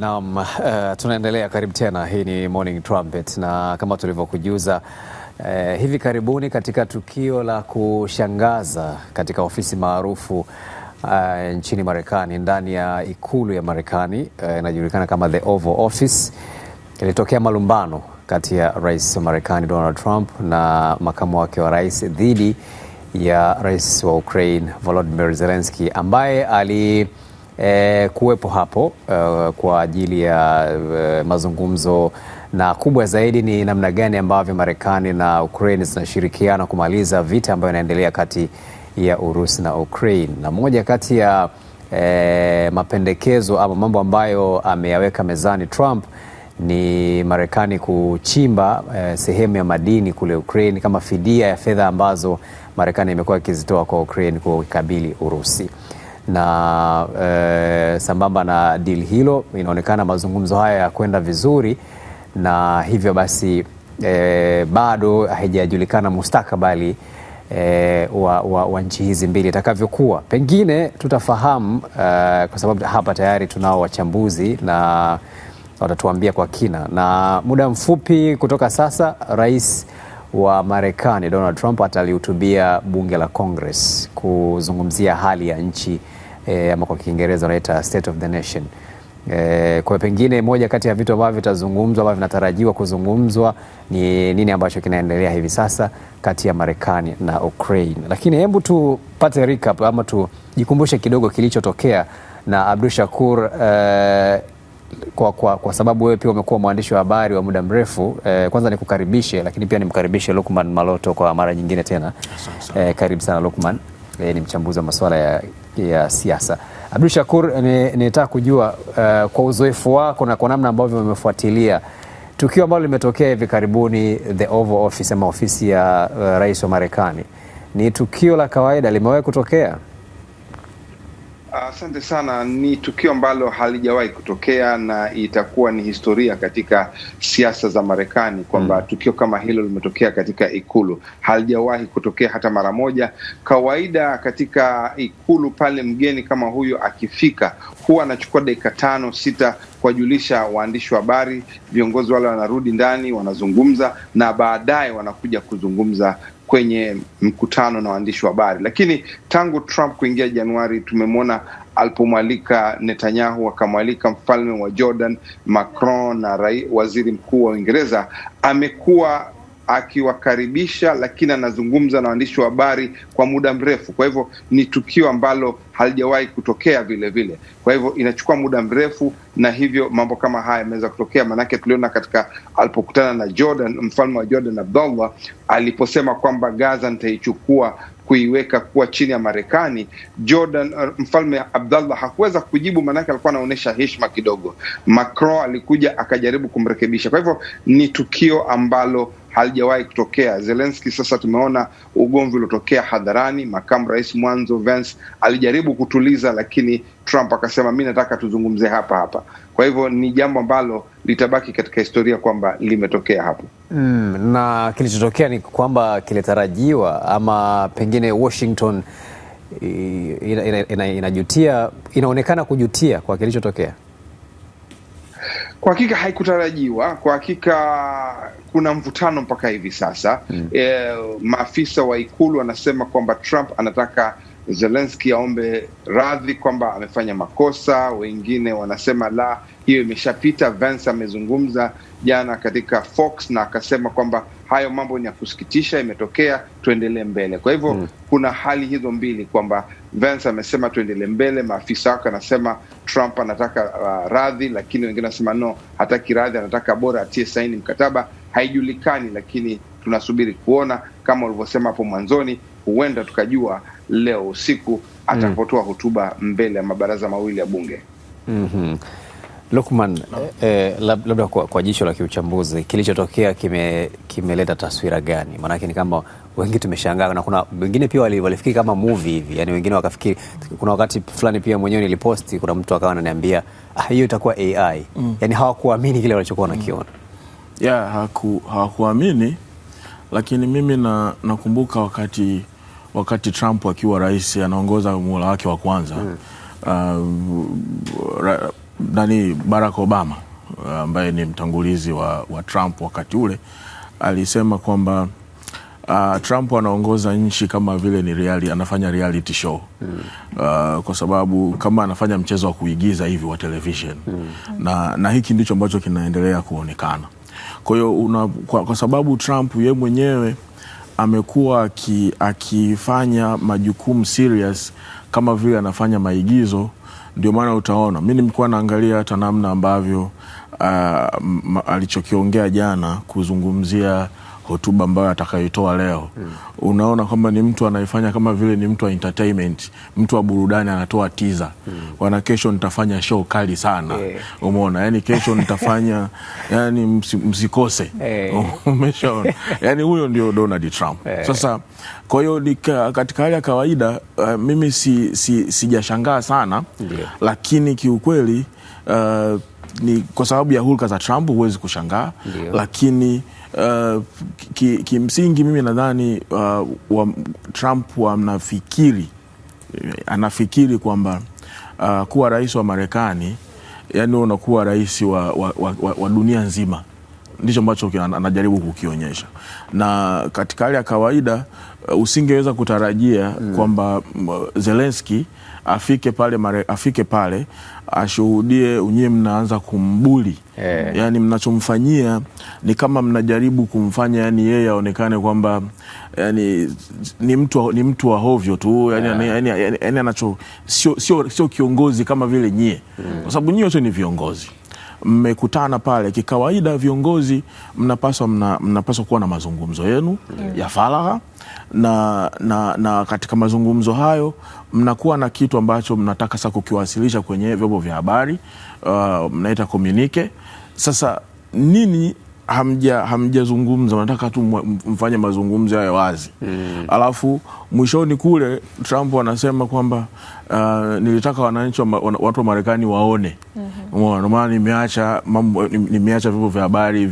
Naam, uh, eh, tunaendelea. Karibu tena. Hii ni Morning Trumpet na kama tulivyokujuza uh, hivi karibuni katika tukio la kushangaza katika ofisi maarufu uh, nchini Marekani, ndani ya ikulu ya Marekani inajulikana uh, kama the Oval Office, ilitokea malumbano kati ya rais wa Marekani Donald Trump na makamu wake wa rais dhidi ya rais wa Ukraine Volodymyr Zelensky ambaye ali e, kuwepo hapo e, kwa ajili ya e, mazungumzo na kubwa zaidi ni namna gani ambavyo Marekani na Ukraine zinashirikiana kumaliza vita ambayo inaendelea kati ya Urusi na Ukraine. Na moja kati ya e, mapendekezo ama mambo ambayo ameyaweka mezani Trump ni Marekani kuchimba e, sehemu ya madini kule Ukraine kama fidia ya fedha ambazo Marekani imekuwa ikizitoa kwa Ukraine kukabili Urusi na e, sambamba na deal hilo inaonekana mazungumzo haya ya kwenda vizuri, na hivyo basi e, bado haijajulikana mustakabali e, wa, wa, wa nchi hizi mbili itakavyokuwa. Pengine tutafahamu e, kwa sababu hapa tayari tunao wachambuzi na watatuambia kwa kina. Na muda mfupi kutoka sasa, rais wa Marekani Donald Trump atalihutubia bunge la Congress kuzungumzia hali ya nchi e, ama kwa Kiingereza wanaita state of the nation. E, kwa pengine moja kati ya vitu ambavyo vitazungumzwa ambavyo vinatarajiwa kuzungumzwa ni nini ambacho kinaendelea hivi sasa kati ya Marekani na Ukraine, lakini hebu tupate recap ama tujikumbushe kidogo kilichotokea na Abdul Shakur e, kwa, kwa, kwa sababu wewe pia umekuwa mwandishi wa habari wa muda mrefu eh, kwanza nikukaribishe, lakini pia nimkaribishe Lukman Maloto kwa mara nyingine tena. Eh, karibu sana Lukman. Eh, ni mchambuzi wa masuala ya ya siasa. Abdul Shakur, nitaka kujua uh, kwa uzoefu wako na kwa namna ambavyo umefuatilia tukio ambalo limetokea hivi karibuni the Oval Office ama ofisi ya uh, rais wa Marekani, ni tukio la kawaida, limewahi kutokea? Asante sana. Ni tukio ambalo halijawahi kutokea na itakuwa ni historia katika siasa za Marekani kwamba mm, tukio kama hilo limetokea katika ikulu, halijawahi kutokea hata mara moja. Kawaida katika ikulu pale, mgeni kama huyo akifika, huwa anachukua dakika tano sita kuwajulisha waandishi wa habari. Viongozi wale wanarudi ndani, wanazungumza na baadaye wanakuja kuzungumza kwenye mkutano na waandishi wa habari, lakini tangu Trump kuingia Januari tumemwona alipomwalika Netanyahu, akamwalika mfalme wa Jordan, Macron na rai, waziri mkuu wa Uingereza amekuwa akiwakaribisha, lakini anazungumza na waandishi wa habari kwa muda mrefu. Kwa hivyo ni tukio ambalo halijawahi kutokea vile vile, kwa hivyo inachukua muda mrefu, na hivyo mambo kama haya yameweza kutokea. Maanake tuliona katika alipokutana na Jordan, mfalme wa Jordan Abdullah aliposema kwamba Gaza nitaichukua kuiweka kuwa chini ya Marekani. Jordan uh, mfalme Abdallah hakuweza kujibu, maanake alikuwa anaonyesha heshima kidogo. Macron alikuja akajaribu kumrekebisha. Kwa hivyo ni tukio ambalo halijawahi kutokea. zelenski sasa tumeona ugomvi uliotokea hadharani. Makamu rais mwanzo Vance alijaribu kutuliza, lakini Trump akasema mi nataka tuzungumze hapa hapa. Kwa hivyo ni jambo ambalo litabaki katika historia kwamba limetokea hapo. Mm, na kilichotokea ni kwamba kilitarajiwa ama pengine Washington inajutia ina, ina, ina inaonekana kujutia kwa kilichotokea. Kwa hakika haikutarajiwa. Kwa hakika kuna mvutano mpaka hivi sasa mm. E, maafisa wa ikulu wanasema kwamba Trump anataka Zelenski aombe radhi kwamba amefanya makosa. Wengine wanasema la, hiyo imeshapita. Vance amezungumza jana katika Fox na akasema kwamba hayo mambo ni ya kusikitisha, imetokea, tuendelee mbele. Kwa hivyo hmm, kuna hali hizo mbili kwamba Vance amesema tuendelee mbele, maafisa wake anasema Trump anataka uh, radhi, lakini wengine wanasema no, hataki radhi, anataka bora atie saini mkataba. Haijulikani, lakini tunasubiri kuona kama ulivyosema hapo mwanzoni huenda tukajua leo usiku atakapotoa mm. hotuba mbele ya mabaraza mawili ya bunge. mm -hmm. Lukman, no. eh, lab, labda kwa, kwa jicho la kiuchambuzi kilichotokea kimeleta kime taswira gani? Maanake ni kama wengi tumeshangaa na kuna wengine pia walifikiri kama movie hivi, yani wengine wakafikiri. Kuna wakati fulani pia mwenyewe niliposti, kuna mtu akawa ananiambia ah, hiyo itakuwa AI mm. Yani hawakuamini kile walichokuwa wanakiona mm. yeah, hawakuamini, lakini mimi nakumbuka wakati wakati Trump akiwa rais anaongoza muhula wake wa kwanza mm. Uh, ra, nani Barack Obama uh, ambaye ni mtangulizi wa, wa Trump wakati ule alisema kwamba uh, Trump anaongoza nchi kama vile ni reali, anafanya reality show mm. uh, kwa sababu kama anafanya mchezo wa kuigiza hivi wa television mm. na, na hiki ndicho ambacho kinaendelea kuonekana. Kwa hiyo kwa, kwa sababu Trump ye mwenyewe amekuwa akifanya majukumu serious kama vile anafanya maigizo. Ndio maana utaona mi nimekuwa naangalia hata namna ambavyo uh, alichokiongea jana kuzungumzia hotuba ambayo atakayoitoa leo mm. Unaona kwamba ni mtu anaifanya kama vile ni mtu wa entertainment, mtu wa burudani, anatoa tiza mm. Wana kesho nitafanya show kali sana yeah. Umeona yani, kesho nitafanya yani msikose hey. Eh. Umeshaona yani, huyo ndio Donald Trump hey. Eh. Sasa kwa hiyo katika hali ya kawaida uh, mimi si, si, sijashangaa sana yeah. Lakini kiukweli uh, ni kwa sababu ya hulka za Trump huwezi kushangaa yeah. Lakini uh, kimsingi ki mimi nadhani uh, wa, Trump wanafikiri anafikiri kwamba uh, kuwa rais wa Marekani yani unakuwa rais wa, wa, wa, wa dunia nzima ndicho ambacho anajaribu kukionyesha, na katika hali ya kawaida uh, usingeweza kutarajia mm. kwamba uh, Zelenski afike pale mare, afike pale ashuhudie, unyie mnaanza kumbuli yeah. Yani mnachomfanyia ni kama mnajaribu kumfanya yani yeye aonekane kwamba yani ni mtu ni mtu wa hovyo tu yani, yeah. yani, yani, yani, anacho sio, sio, sio kiongozi kama vile nyie mm. kwa sababu nyie wote ni viongozi mmekutana pale kikawaida, viongozi mnapaswa mna, mnapaswa kuwa na mazungumzo yenu mm. ya faragha na, na, na katika mazungumzo hayo mnakuwa na kitu ambacho mnataka sasa kukiwasilisha kwenye vyombo vya habari uh, mnaita komunike. Sasa nini hamja hamjazungumza, nataka tu mfanye mazungumzo hayo wazi mm. Alafu mwishoni kule Trump anasema kwamba uh, nilitaka wananchi wa, watu wa Marekani waone mm-hmm. maana nimeacha mambo nimeacha vyombo vya habari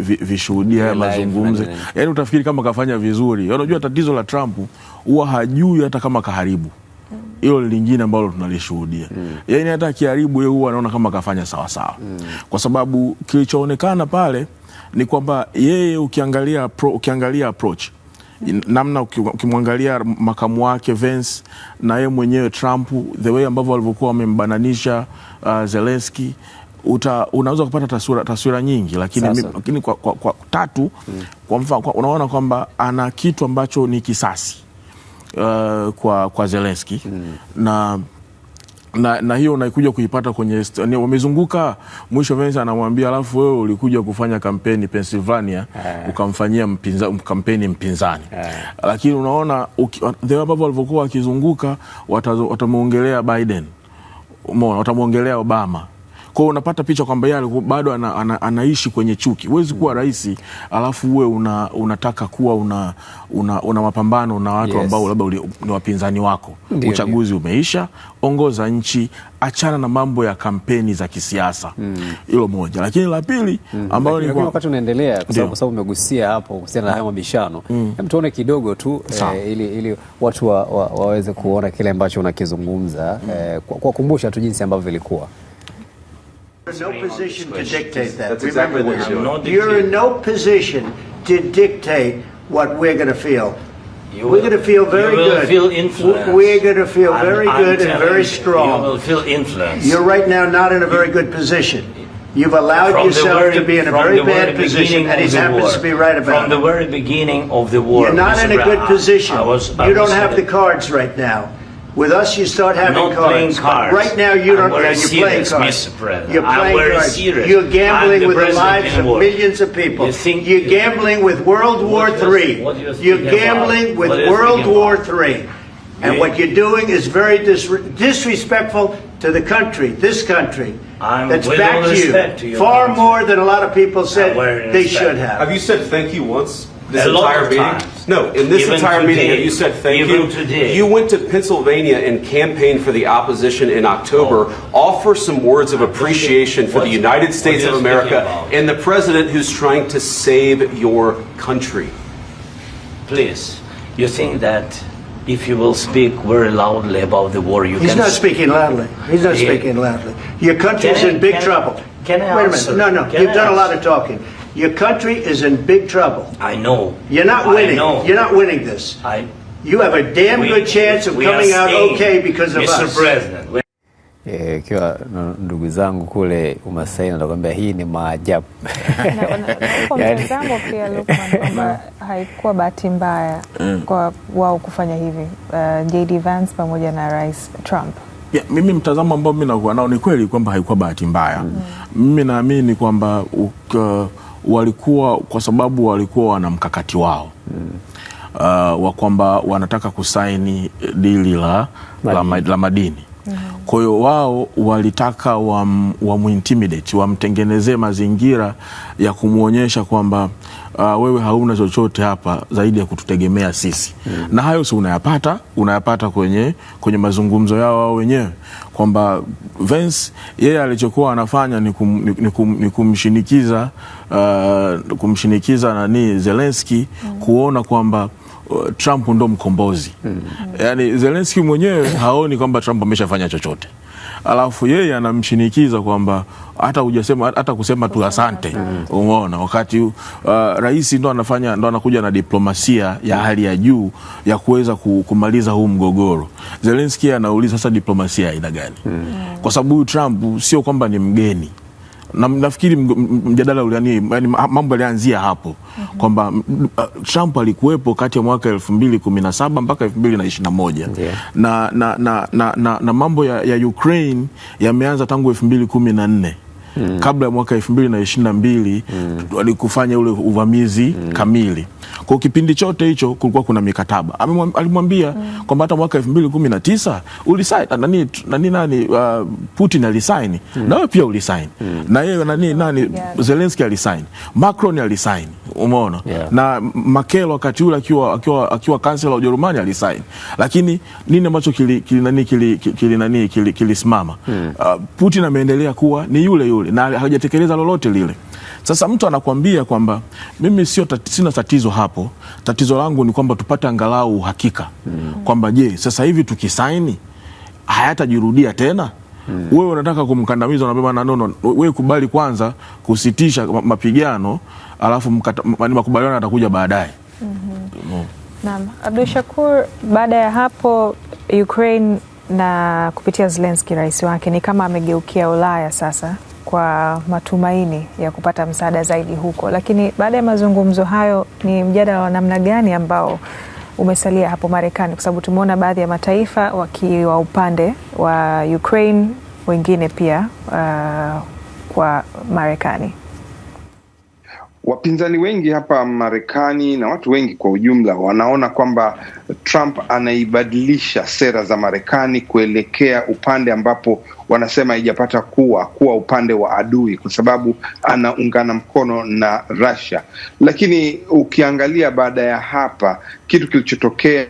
vishuhudia vi, vi, vi mazungumzo, yaani utafikiri kama kafanya vizuri. Yaani unajua tatizo la Trump huwa hajui hata kama kaharibu hilo lingine ambalo tunalishuhudia mm. Yani hata akiharibu yeye huwa anaona kama kafanya sawasawa mm. Kwa sababu kilichoonekana pale ni kwamba yeye ukiangalia, pro, ukiangalia approach namna ukimwangalia makamu wake Vance na yeye mwenyewe Trump, the way ambavyo walivyokuwa wamembananisha uh, Zelensky uta, unaweza kupata taswira, taswira nyingi, lakini, mi, lakini kwa, kwa, kwa tatu mm. kwa mfano unaona kwamba ana kitu ambacho ni kisasi uh, kwa, kwa Zelenski mm. na na, na hiyo unaikuja kuipata kwenye wamezunguka mwisho Vance anamwambia alafu wewe ulikuja kufanya kampeni Pennsylvania yeah. ukamfanyia mpinza, kampeni mpinzani yeah. Lakini unaona the ambavyo walivyokuwa wakizunguka watamwongelea Biden, watamwongelea Obama kwa unapata picha kwamba yeye bado ana, ana, anaishi kwenye chuki. Huwezi kuwa rais alafu uwe una, unataka kuwa una, una, una mapambano na watu yes, ambao labda ni wapinzani wako. Ndiyo, uchaguzi ndiyo, umeisha, ongoza nchi, achana na mambo ya kampeni za kisiasa. Hmm. Hilo hmm, moja, lakini la pili hmm, ambalo ni wakati unaendelea, kwa sababu umegusia hapo kuhusiana na hayo mabishano hmm. hem tuone kidogo tu eh, ili, ili watu wa, wa, waweze kuona kile ambacho unakizungumza hmm, eh, kwa kuwakumbusha tu jinsi ambavyo vilikuwa You're in no position to dictate that. That's Remember exactly what you're You're in no position to dictate what we're going to feel. You We're going to feel very you will good. feel We're going to feel I'm- very I'm good and very strong. You strong. will feel influence. You're right now not in a very good position. You've allowed From yourself very- to be in a very very bad position, and he happens war. to be right From about the very beginning of the war. You're not Mr. in a good position. I was- I You don't have the cards right now. With us, you start having not cards. playing cards. Right now, you don't. have are you serious, cards. Mr. You're playing I'm cards. Serious. You're gambling the with the lives of millions of people. You think you're gambling with World War III. You're, gambling with World War III. And what you're doing is very dis disrespectful to the country, this country. I'm that's back to you. far country. more than a lot of people said they respect. should have. Have you said thank you once? this a entire meeting? Times. No, in this even entire today, meeting, you said thank you. Today. You went to Pennsylvania and campaigned for the opposition in October. Oh. Offer some words of appreciation for the United States of America and the president who's trying to save your country. Please, you think that if you will speak very loudly about the war, you He's not speaking loudly. He's not speaking loudly. Your country's is in big trouble. can I Wait a minute. No, no. Can You've I done answer? a lot of talking. Your country is in big trouble. I know. You're not winning. I know. You're not winning this. I. You have a damn we, good chance of coming out okay because of Mr. us. Mr. President. E, ikiwa ndugu zangu kule Umasai nakwambia hii ni maajabu. Mtazamo pia Lukman, kwamba haikuwa bahati mbaya mm. kwa wao kufanya hivi uh, JD Vance pamoja na Rais Trump. Yeah, mimi mtazamo ambao mimi nakuwa nao ni kweli kwamba haikuwa bahati mbaya. Mm. Mimi mm. naamini kwamba uh, walikuwa kwa sababu walikuwa wana mkakati wao mm. uh, wa kwamba wanataka kusaini dili la, la, la madini mm kwa hiyo wao walitaka wamintimidate, wamtengenezee mazingira ya kumwonyesha kwamba uh, wewe hauna chochote hapa zaidi ya kututegemea sisi mm. Na hayo si unayapata, unayapata kwenye, kwenye mazungumzo yao wao wenyewe kwamba Vance yeye alichokuwa anafanya ni, kum, ni, ni, kum, ni kumshinikiza uh, kumshinikiza nani Zelensky mm. kuona kwamba Trump ndo mkombozi mm. Yani Zelensky mwenyewe haoni kwamba Trump ameshafanya chochote, alafu yeye anamshinikiza kwamba hata hujasema hata kusema tu asante mm. Umeona, wakati uh, rais ndo anafanya ndo anakuja na diplomasia ya hali ya juu ya kuweza kumaliza huu mgogoro. Zelensky anauliza sasa diplomasia aina gani? mm. Kwa sababu huyu Trump sio kwamba ni mgeni na nafikiri mjadala ule yani mambo yalianzia hapo mm -hmm. kwamba uh, Trump alikuwepo kati ya mwaka elfu mbili kumi na saba mpaka elfu mbili na ishirini na moja na, na, na, na, na, na mambo ya, ya Ukraine yameanza tangu 2014 kumi na nne Mm. Kabla ya mwaka elfu mbili na ishirini na mbili mm. walikufanya ule uvamizi mm. kamili. Kwa kipindi chote hicho kulikuwa kuna mikataba. Alimwambia mm. kwamba hata mwaka 2019 ulisaini nani nani nani uh, Putin alisaini mm. na wewe pia ulisaini mm. na yeye nani nani yeah. Zelensky alisaini, Macron alisaini, umeona yeah. na Merkel wakati ule akiwa akiwa akiwa kansela wa Ujerumani alisaini, lakini nini ambacho kili kili nani kili kili nani kili kilisimama kili, kili, mm. uh, Putin ameendelea kuwa ni yule yule na hajatekeleza lolote lile. Sasa mtu anakuambia kwamba mimi sio tati, sina tatizo hapo, tatizo langu ni kwamba tupate angalau uhakika mm. kwamba je, sasa hivi tukisaini hayatajirudia tena mm. Wewe unataka kumkandamiza, unabeba na nono, wewe kubali kwanza kusitisha mapigano, alafu makubaliano yatakuja baadaye mm-hmm. mm -hmm. no. Naam, Abdul Shakur, baada ya hapo Ukraine na kupitia Zelensky rais wake ni kama amegeukia Ulaya sasa kwa matumaini ya kupata msaada zaidi huko. Lakini baada ya mazungumzo hayo, ni mjadala wa namna gani ambao umesalia hapo Marekani, kwa sababu tumeona baadhi ya mataifa wakiwa upande wa Ukraine, wengine pia uh, kwa Marekani? Wapinzani wengi hapa Marekani na watu wengi kwa ujumla wanaona kwamba Trump anaibadilisha sera za Marekani kuelekea upande ambapo wanasema haijapata kuwa kuwa upande wa adui, kwa sababu anaungana mkono na Russia. Lakini ukiangalia baada ya hapa kitu kilichotokea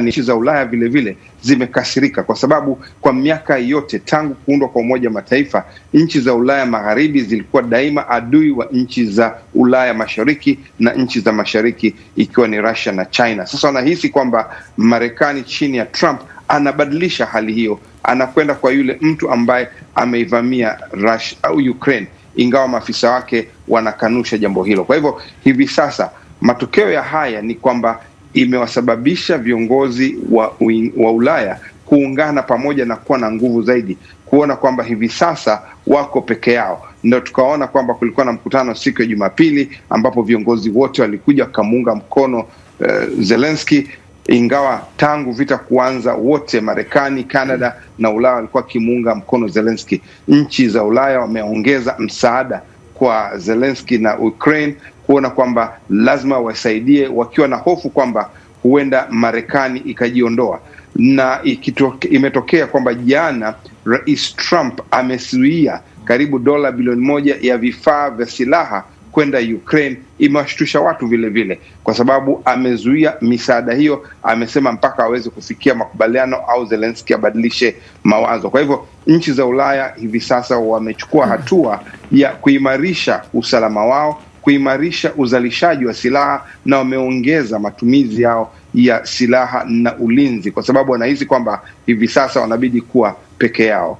nchi za Ulaya vile vile zimekasirika kwa sababu kwa miaka yote tangu kuundwa kwa Umoja Mataifa, nchi za Ulaya Magharibi zilikuwa daima adui wa nchi za Ulaya Mashariki na nchi za Mashariki ikiwa ni Russia na China. Sasa wanahisi kwamba Marekani chini ya Trump anabadilisha hali hiyo, anakwenda kwa yule mtu ambaye ameivamia Russia au uh, Ukraine, ingawa maafisa wake wanakanusha jambo hilo. Kwa hivyo hivi sasa matokeo ya haya ni kwamba imewasababisha viongozi wa, wa Ulaya kuungana pamoja na kuwa na nguvu zaidi, kuona kwamba hivi sasa wako peke yao. Ndo tukaona kwamba kulikuwa na mkutano siku ya Jumapili ambapo viongozi wote walikuja wakamuunga mkono uh, eh, Zelenski, ingawa tangu vita kuanza wote Marekani, Kanada na Ulaya walikuwa wakimuunga mkono Zelenski. Nchi za Ulaya wameongeza msaada kwa Zelenski na Ukraine kuona kwamba lazima wasaidie, wakiwa na hofu kwamba huenda Marekani ikajiondoa na ikitoke, imetokea kwamba jana Rais Trump amezuia karibu dola bilioni moja ya vifaa vya silaha kwenda Ukraine. Imewashtusha watu vile vile, kwa sababu amezuia misaada hiyo. Amesema mpaka aweze kufikia makubaliano au zelenski abadilishe mawazo. Kwa hivyo nchi za Ulaya hivi sasa wamechukua hatua ya kuimarisha usalama wao kuimarisha uzalishaji wa silaha na wameongeza matumizi yao ya silaha na ulinzi, kwa sababu wanahisi kwamba hivi sasa wanabidi kuwa peke yao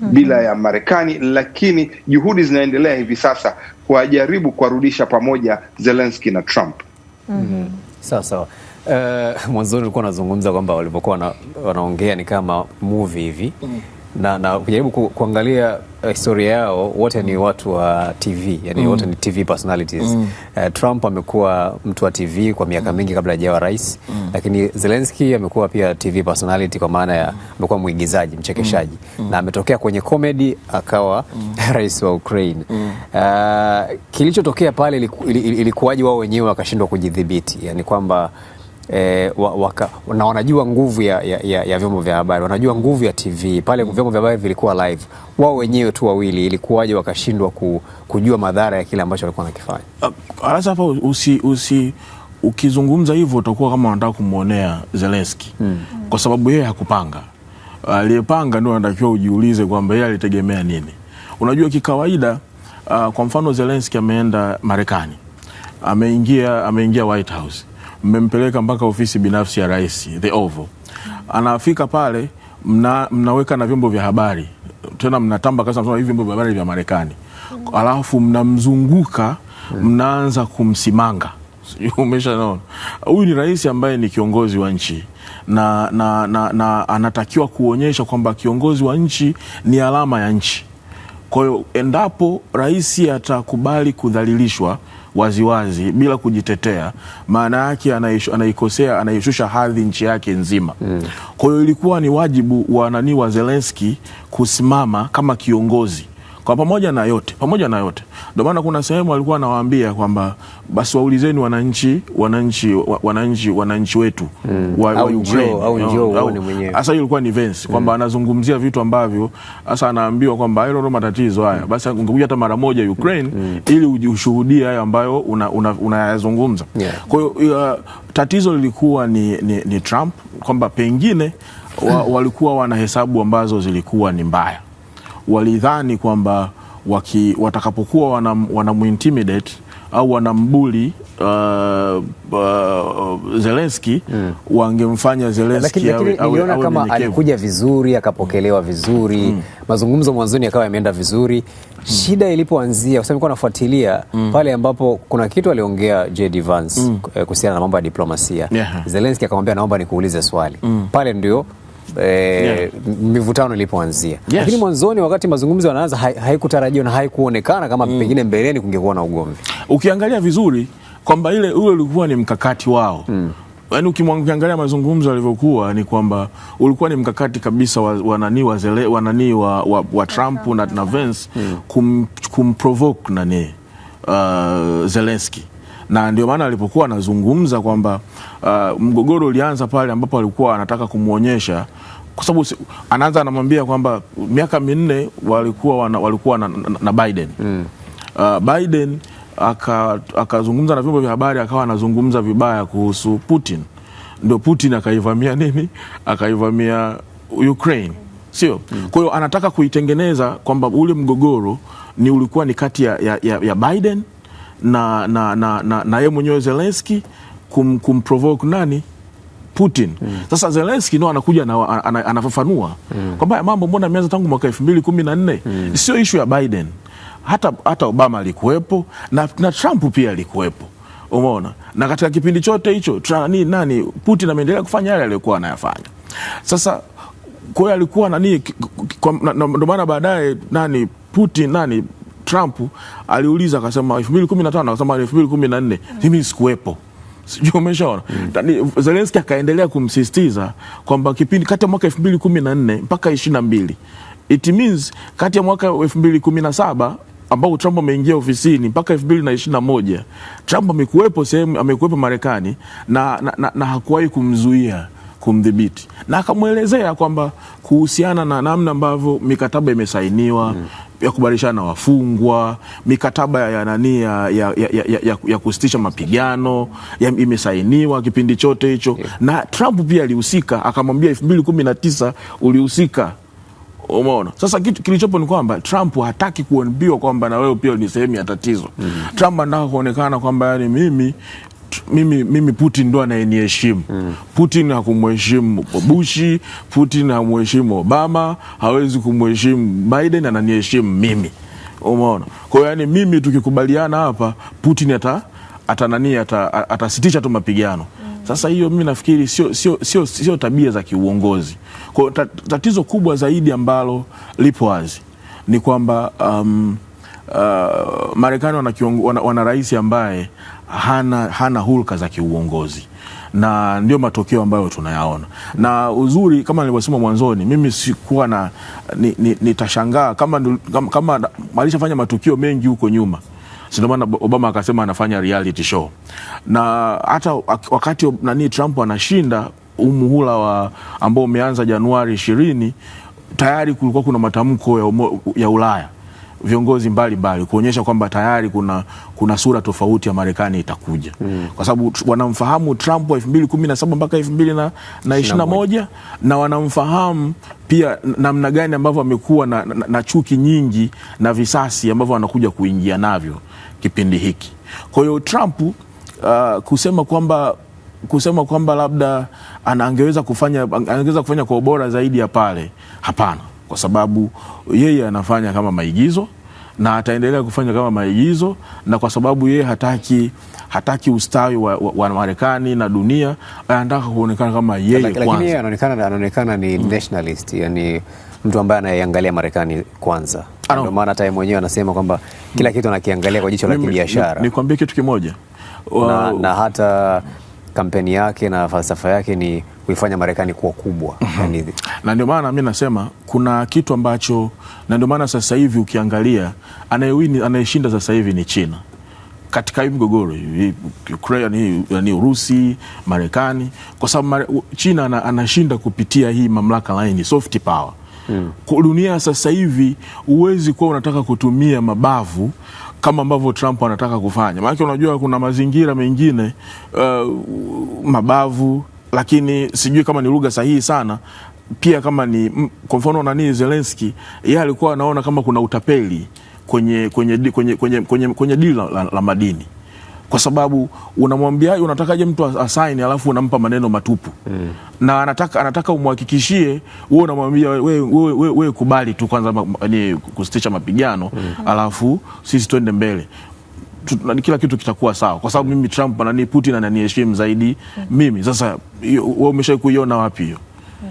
mhm. bila ya Marekani, lakini juhudi zinaendelea hivi sasa kuwajaribu kuwarudisha pamoja Zelenski na Trump. mm -hmm. Sawa sawa. Uh, mwanzoni ulikuwa unazungumza kwamba walivyokuwa wanaongea ni kama movie hivi mm -hmm na, na kujaribu ku, kuangalia eh, historia yao, wote ni watu wa TV yani mm. wote ni TV personalities mm. Uh, Trump amekuwa mtu wa TV kwa miaka mm. mingi kabla hajawa rais mm. lakini Zelensky amekuwa pia TV personality kwa maana ya mm. amekuwa mwigizaji mchekeshaji mm. mm. na ametokea kwenye comedy akawa mm. rais wa Ukraine mm. Uh, kilichotokea pale iliku, ilikuwaje wao wenyewe wakashindwa kujidhibiti yani kwamba E, wa, waka, na wanajua nguvu ya, ya, ya, ya vyombo vya habari, wanajua nguvu ya TV pale. Vyombo vya habari vilikuwa live, wao wenyewe tu wawili, ilikuwaje wakashindwa ku, kujua madhara ya kile ambacho walikuwa wanakifanya? Ah, alafu hapa usi, usi ukizungumza hivyo utakuwa kama unataka kumwonea Zelensky hmm. kwa sababu yeye hakupanga, aliyepanga ndio anatakiwa ujiulize kwamba yeye alitegemea nini. Unajua kikawaida, uh, kwa mfano Zelensky ameenda Marekani, ameingia ameingia White House mmempeleka mpaka ofisi binafsi ya rais the Oval. Anafika pale mna, mnaweka na vyombo vya habari tena mnatamba kasa mnasema hivi vyombo vya habari vya Marekani, alafu mnamzunguka mnaanza kumsimanga umeshanaona huyu ni rais ambaye ni kiongozi wa nchi na, na, na, na anatakiwa kuonyesha kwamba kiongozi wa nchi ni alama ya nchi. Kwa hiyo endapo rais atakubali kudhalilishwa waziwazi bila kujitetea, maana yake anaikosea, anaishusha hadhi nchi yake nzima mm. Kwa hiyo ilikuwa ni wajibu wa nani wa Zelensky kusimama kama kiongozi kwa pamoja na yote, pamoja na yote, ndio maana kuna sehemu alikuwa anawaambia kwamba basi waulizeni wananchi, wananchi, wananchi, wananchi wetu mm. wa, wa Ukraine au mwenyewe. Sasa hiyo ilikuwa ni Vance kwamba mm. anazungumzia vitu ambavyo sasa anaambiwa kwamba hilo ndio matatizo haya, hmm. basi ungekuja hata mara moja Ukraine mm. ili ushuhudie hayo ambayo unayazungumza una, una yeah. Kwa hiyo uh, tatizo lilikuwa ni, ni, ni Trump kwamba pengine wa, hmm. walikuwa wana hesabu ambazo zilikuwa ni mbaya walidhani kwamba waki, watakapokuwa wanam, wana au wanambuli uh, uh, Zelenski mm. wangemfanya Zelenski kama Alikuja vizuri akapokelewa hmm. vizuri mm. mazungumzo mwanzoni yakawa yameenda vizuri mm. shida ilipoanzia, kwa sababu nafuatilia mm. pale ambapo kuna kitu aliongea JD Vance mm. kuhusiana na mambo ya diplomasia yeah. Zelenski akamwambia naomba nikuulize swali mm. pale ndio eh, yeah. mivutano ilipoanzia yes. Lakini mwanzoni wakati mazungumzo yanaanza haikutarajiwa na haikuonekana kama mm. pengine mbeleni kungekuwa na ugomvi. Ukiangalia vizuri kwamba ile ule ulikuwa ni mkakati wao mm. Yaani ukiangalia mazungumzo yalivyokuwa ni kwamba ulikuwa ni mkakati kabisa wananii wa, wa, wa, wa, wa Trump na, na Vance mm. kumprovoke kum nani uh, Zelensky na ndio maana alipokuwa anazungumza kwamba uh, mgogoro ulianza pale ambapo alikuwa anataka kumwonyesha kwa sababu anaanza anamwambia kwamba miaka minne walikuwa wana, walikuwa na, na, na Biden mm. uh, Biden akazungumza aka na vyombo vya habari akawa anazungumza vibaya kuhusu Putin, ndio Putin akaivamia nini, akaivamia Ukraine, sio? mm. Kwa hiyo anataka kuitengeneza kwamba ule mgogoro ni ulikuwa ni kati ya, ya, ya, ya Biden na, na, na, na, na yeye mwenyewe Zelensky kum, kumprovoke nani Putin. Mm. Sasa Zelensky ndio anakuja na, ana, anafafanua mm. kwamba mambo mbona yameanza tangu mwaka 2014 mm. sio issue ya Biden hata, hata Obama alikuwepo na, na Trump pia alikuwepo umeona, na katika kipindi chote hicho nani, nani Putin ameendelea kufanya yale aliyokuwa anayafanya. Sasa kwa hiyo alikuwa nani, ndio maana baadaye nani Putin nani Trump aliuliza akasema 2015 akasema 2014 mimi sikuwepo. Sijui umeshaona mm. Zelenski akaendelea kumsisitiza kwamba kipindi kati ya mwaka 2014 mpaka 22 it means kati ya mwaka 2017 ambao Trump ameingia ofisini mpaka 2021 Trump amekuwepo sehemu, amekuwepo Marekani na, na, na, na hakuwahi kumzuia kumdhibiti, na akamwelezea kwamba kuhusiana na namna ambavyo mikataba imesainiwa mm ya kubadilishana na wafungwa, mikataba ya nani ya, ya, ya, ya, ya, ya kusitisha mapigano imesainiwa kipindi chote hicho yeah. Hmm. Na Trump pia alihusika, akamwambia elfu mbili kumi na tisa ulihusika. Umeona, sasa kitu kilichopo ni kwamba Trump hataki kuambiwa kwamba na wewe pia ni sehemu ya tatizo mm -hmm. Trump anataka kuonekana kwamba yani mimi mimi, mimi Putin ndo anayeniheshimu mm. Putin hakumheshimu Bushi, Putin hamuheshimu Obama, hawezi kumheshimu Biden, ananiheshimu mimi. Umeona? Kwa hiyo yani, mimi tukikubaliana hapa, Putin ata ata ata atasitisha tu mapigano mm. Sasa hiyo mimi nafikiri sio, sio, sio, sio tabia za kiuongozi. Kwa hiyo tatizo kubwa zaidi ambalo lipo wazi ni kwamba um, uh, Marekani wana, wana, wana rais ambaye hana, hana hulka za kiuongozi na ndio matokeo ambayo tunayaona. Na uzuri kama nilivyosema mwanzoni, mimi sikuwa na nitashangaa ni, ni kama, kama alishafanya matukio mengi huko nyuma ndio maana Obama akasema anafanya reality show, na hata wakati nani Trump anashinda umuhula wa ambao umeanza Januari ishirini, tayari kulikuwa kuna matamko ya, ya Ulaya viongozi mbalimbali kuonyesha kwamba tayari kuna, kuna sura tofauti ya Marekani itakuja mm. kwa sababu wanamfahamu Trump wa 2017 na mpaka elfu na, na na na wanamfahamu pia namna gani ambavyo amekuwa na, na, na chuki nyingi na visasi ambavyo wanakuja kuingia navyo kipindi hiki. Kwa hiyo Trump uh, kusema kwamba kusema kwamba labda angeweza kufanya angeweza kufanya kwa ubora zaidi ya pale, hapana kwa sababu yeye anafanya kama maigizo na ataendelea kufanya kama maigizo, na kwa sababu yeye hataki hataki ustawi wa, wa, wa Marekani na dunia, anataka kuonekana kama yeye kwanza. Lakini yeye anaonekana anaonekana ni mm. nationalist, yani mtu ambaye anaiangalia Marekani kwanza, ndio maana hata mwenyewe anasema kwamba kila mm. kitu anakiangalia kwa jicho la kibiashara. Nikwambie kitu kimoja na, na hata kampeni yake na falsafa yake ni kuifanya Marekani kuwa kubwa mm -hmm. Yani... na ndio maana mi nasema kuna kitu ambacho, na ndio maana sasa hivi ukiangalia anayewini anayeshinda sasa hivi ni China katika hii migogoro Ukraine, yani Urusi, Marekani, kwa sababu China anashinda kupitia hii mamlaka laini soft power mm. Dunia sasa hivi huwezi kuwa unataka kutumia mabavu kama ambavyo Trump anataka kufanya. Maana unajua kuna mazingira mengine uh, mabavu, lakini sijui kama ni lugha sahihi sana pia kama ni kwa mfano nani Zelensky yeye alikuwa anaona kama kuna utapeli kwenye, kwenye, kwenye, kwenye, kwenye, kwenye dili la, la, la madini kwa sababu unamwambia unatakaje mtu asaini alafu unampa maneno matupu mm. na anataka, anataka umhakikishie wewe, unamwambia wewe we, we, we, kubali tu kwanza ni kusitisha mapigano mm. mm. alafu sisi twende mbele kila kitu kitakuwa sawa, kwa sababu mimi Trump ni Putin ananiheshimu zaidi mm. mimi. Sasa wewe umeshakuiona wapi hiyo? Mm.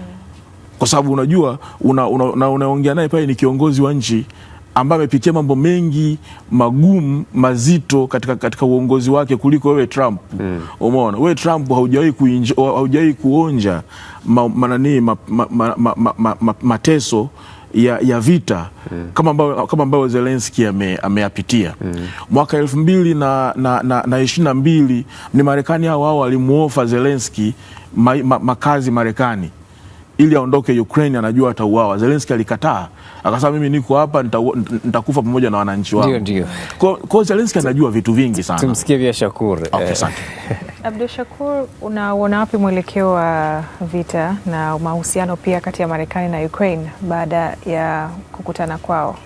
Kwa sababu unajua unaongea una, una naye pale ni kiongozi wa nchi ambaye amepitia mambo mengi magumu mazito katika, katika uongozi wake kuliko wewe Trump mm. Umeona wewe Trump haujawahi haujawahi kuonja ma, manani, ma, ma, ma, ma, ma, ma, ma, mateso ya, ya vita mm. kama ambayo kama ambayo ameyapitia mm. mwaka elfu mbili na, na, na, na ishirini na mbili ni Marekani hao hao walimwofa Zelensky ma, ma, makazi Marekani ili aondoke Ukraine, anajua atauawa. Zelensky alikataa akasema mimi niko hapa nitakufa pamoja na wananchi wangu. Ndio, ndio. Kwa Zelensky anajua vitu vingi sana. Tumsikie vya Shakur. Okay, eh. asante. Abdul Shakur, unaona wapi mwelekeo wa vita na mahusiano pia kati ya Marekani na Ukraine baada ya kukutana kwao?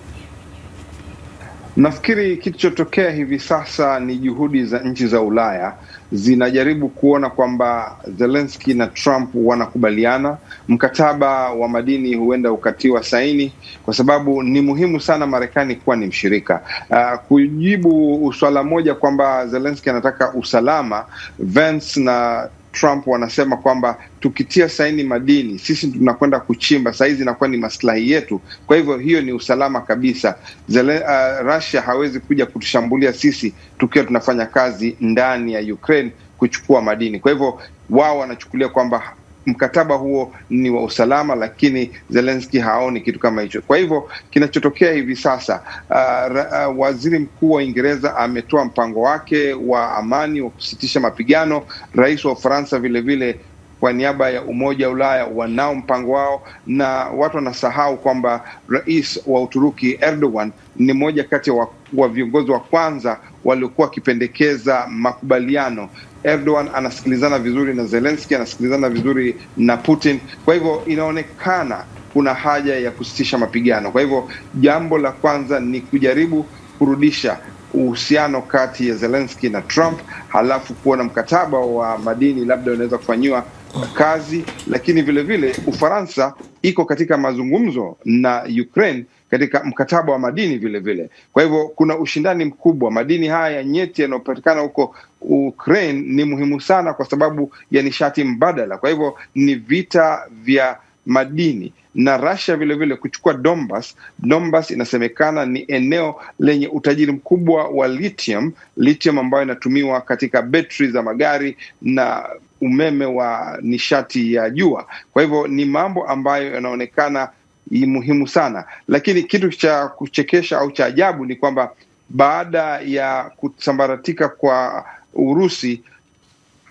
Nafikiri chotokea hivi sasa ni juhudi za nchi za Ulaya zinajaribu kuona kwamba zelenski na Trump wanakubaliana. Mkataba wa madini huenda ukatiwa saini, kwa sababu ni muhimu sana Marekani kuwa ni mshirika. Uh, kujibu swala moja kwamba zelenski anataka usalama, Vance na Trump wanasema kwamba tukitia saini madini sisi tunakwenda kuchimba, sahizi inakuwa ni maslahi yetu. Kwa hivyo hiyo ni usalama kabisa. Zele, uh, Russia hawezi kuja kutushambulia sisi tukiwa tunafanya kazi ndani ya Ukraine kuchukua madini. Kwa hivyo wao wanachukulia kwamba mkataba huo ni wa usalama, lakini Zelenski haoni kitu kama hicho. Kwa hivyo kinachotokea hivi sasa uh, uh, waziri mkuu wa Uingereza ametoa mpango wake wa amani wa kusitisha mapigano. Rais wa Ufaransa vilevile kwa niaba ya Umoja wa Ulaya wanao mpango wao, na watu wanasahau kwamba rais wa Uturuki Erdogan ni mmoja kati ya wa, wa viongozi wa kwanza waliokuwa wakipendekeza makubaliano Erdogan anasikilizana vizuri na zelenski anasikilizana vizuri na Putin. Kwa hivyo inaonekana kuna haja ya kusitisha mapigano. Kwa hivyo jambo la kwanza ni kujaribu kurudisha uhusiano kati ya zelenski na Trump, halafu kuona mkataba wa madini labda unaweza kufanyiwa kazi. Lakini vilevile vile, Ufaransa iko katika mazungumzo na Ukraine katika mkataba wa madini vile vile. Kwa hivyo kuna ushindani mkubwa. Madini haya ya nyeti yanayopatikana huko Ukraine ni muhimu sana kwa sababu ya nishati mbadala. Kwa hivyo ni vita vya madini na Russia vile vile kuchukua Donbas. Donbas inasemekana ni eneo lenye utajiri mkubwa wa lithium, lithium ambayo inatumiwa katika betri za magari na umeme wa nishati ya jua. Kwa hivyo ni mambo ambayo yanaonekana i muhimu sana, lakini kitu cha kuchekesha au cha ajabu ni kwamba baada ya kusambaratika kwa Urusi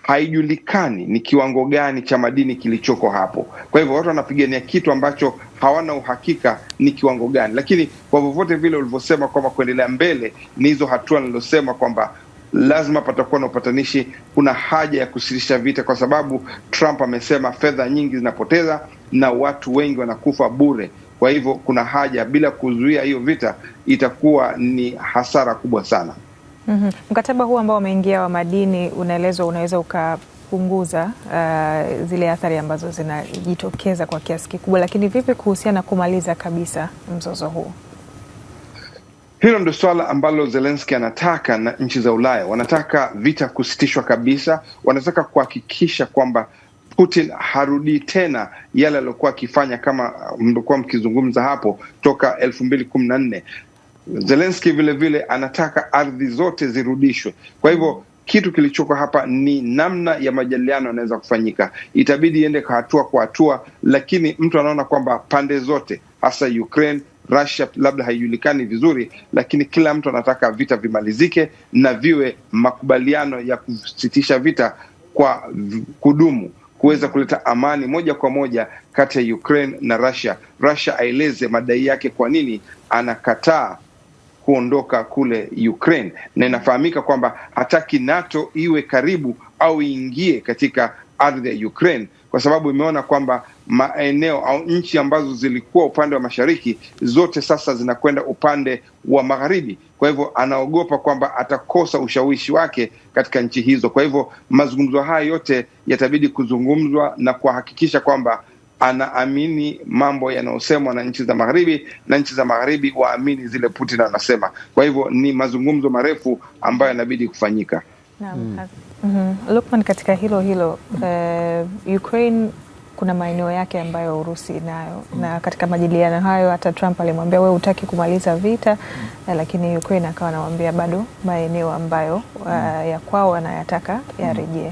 haijulikani ni kiwango gani cha madini kilichoko hapo. Kwa hivyo watu wanapigania kitu ambacho hawana uhakika ni kiwango gani, lakini kwa vyovyote vile ulivyosema kwamba kuendelea mbele ni hizo hatua nilosema kwamba lazima patakuwa na upatanishi. Kuna haja ya kusitisha vita, kwa sababu Trump amesema fedha nyingi zinapoteza na watu wengi wanakufa bure. Kwa hivyo kuna haja, bila kuzuia hiyo vita itakuwa ni hasara kubwa sana. Mm -hmm. Mkataba huu ambao umeingia wa madini unaelezwa unaweza ukapunguza uh, zile athari ambazo zinajitokeza kwa kiasi kikubwa, lakini vipi kuhusiana kumaliza kabisa mzozo huu? Hilo ndo swala ambalo Zelenski anataka na nchi za Ulaya wanataka vita kusitishwa kabisa, wanataka kuhakikisha kwamba Putin harudii tena yale aliyokuwa akifanya, kama uh, mlikuwa mkizungumza hapo toka elfu mbili kumi na nne. Zelenski vilevile anataka ardhi zote zirudishwe. Kwa hivyo kitu kilichoko hapa ni namna ya majadiliano yanaweza kufanyika, itabidi iende hatua kwa hatua, lakini mtu anaona kwamba pande zote hasa Ukraine Russia labda haijulikani vizuri, lakini kila mtu anataka vita vimalizike na viwe makubaliano ya kusitisha vita kwa kudumu kuweza kuleta amani moja kwa moja kati ya Ukraine na Russia. Russia aeleze madai yake, kwa nini anakataa kuondoka kule Ukraine, na inafahamika kwamba hataki NATO iwe karibu au iingie katika ardhi ya Ukraine kwa sababu imeona kwamba maeneo au nchi ambazo zilikuwa upande wa mashariki zote sasa zinakwenda upande wa magharibi. Kwa hivyo anaogopa kwamba atakosa ushawishi wake katika nchi hizo. Kwa hivyo mazungumzo haya yote yatabidi kuzungumzwa na kuhakikisha kwamba anaamini mambo yanayosemwa na nchi za magharibi na nchi za magharibi waamini zile Putin anasema. Kwa hivyo ni mazungumzo marefu ambayo yanabidi kufanyika. mm. mm -hmm. Lukman, katika hilo hilo uh, Ukraine kuna maeneo yake ambayo Urusi inayo mm. na katika majadiliano hayo hata Trump alimwambia we hutaki kumaliza vita mm. lakini Ukraine akawa anamwambia bado maeneo ambayo uh, ya kwao anayataka yarejee.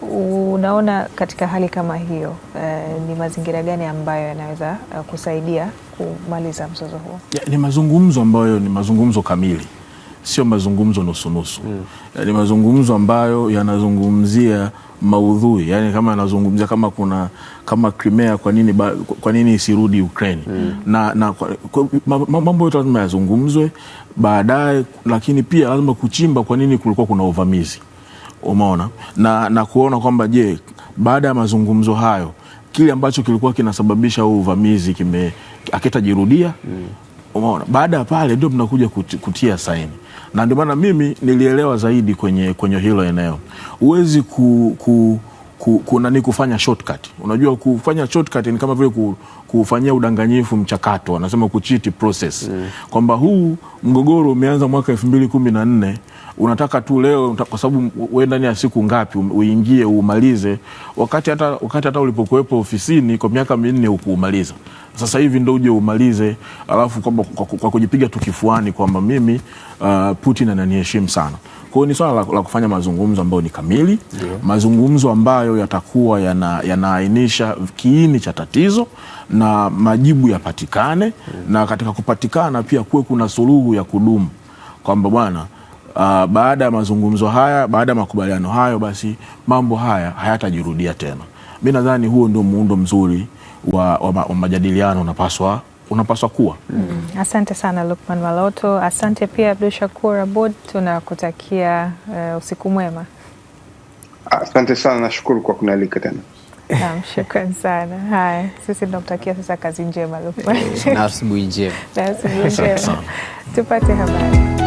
mm. Unaona, katika hali kama hiyo uh, ni mazingira gani ambayo yanaweza uh, kusaidia kumaliza mzozo huo? ni mazungumzo ambayo ni mazungumzo kamili sio mazungumzo nusunusu mm. Yani mazungumzo ambayo yanazungumzia maudhui, yani kama anazungumzia kama kuna kama Crimea, kwa nini kwa nini isirudi Ukraine mm. na, na mambo yote lazima yazungumzwe baadaye, lakini pia lazima kuchimba kwa nini kulikuwa kuna uvamizi, umeona na, na kuona kwamba je, baada ya mazungumzo hayo kile ambacho kilikuwa kinasababisha huu uvamizi kime akitajirudia mm. Umeona, baada ya pale ndio mnakuja kutia saini na ndio maana mimi nilielewa zaidi kwenye, kwenye hilo eneo. Huwezi ku, ku, ku, ku, nani kufanya shortcut. Unajua kufanya shortcut ni kama vile ku, kufanyia udanganyifu mchakato, wanasema kuchiti process mm. kwamba huu mgogoro umeanza mwaka elfu mbili kumi na nne unataka tu leo, kwa sababu wewe ndani ya siku ngapi um-, uingie uumalize, wakati hata, wakati hata ulipokuwepo ofisini kwa miaka minne ukuumaliza sasa hivi ndio uje umalize, alafu kwa, kwa, kwa kujipiga tu kifuani kwamba mimi uh, Putin ananiheshimu sana. Kwa hiyo ni swala la, la kufanya mazungumzo ambayo ni kamili yeah. Mazungumzo ambayo yatakuwa yanaainisha kiini cha tatizo na majibu yapatikane yeah. Mm. Na katika kupatikana pia kuwe kuna suluhu ya kudumu kwamba bwana uh, baada ya mazungumzo haya, baada ya makubaliano hayo, basi mambo haya hayatajirudia tena. Mi nadhani huo ndio muundo mzuri wa, wa, wa majadiliano unapaswa unapaswa kuwa mm. Asante sana Lukman Maloto, asante pia Abdul Shakur Abud, tunakutakia uh, usiku mwema. Asante sana, nashukuru kwa kunaalika tena. Naam, shukran sana. Haya, sisi tunakutakia sasa kazi njema Lukman, eh, na asubuhi njema, na asubuhi njema, tupate habari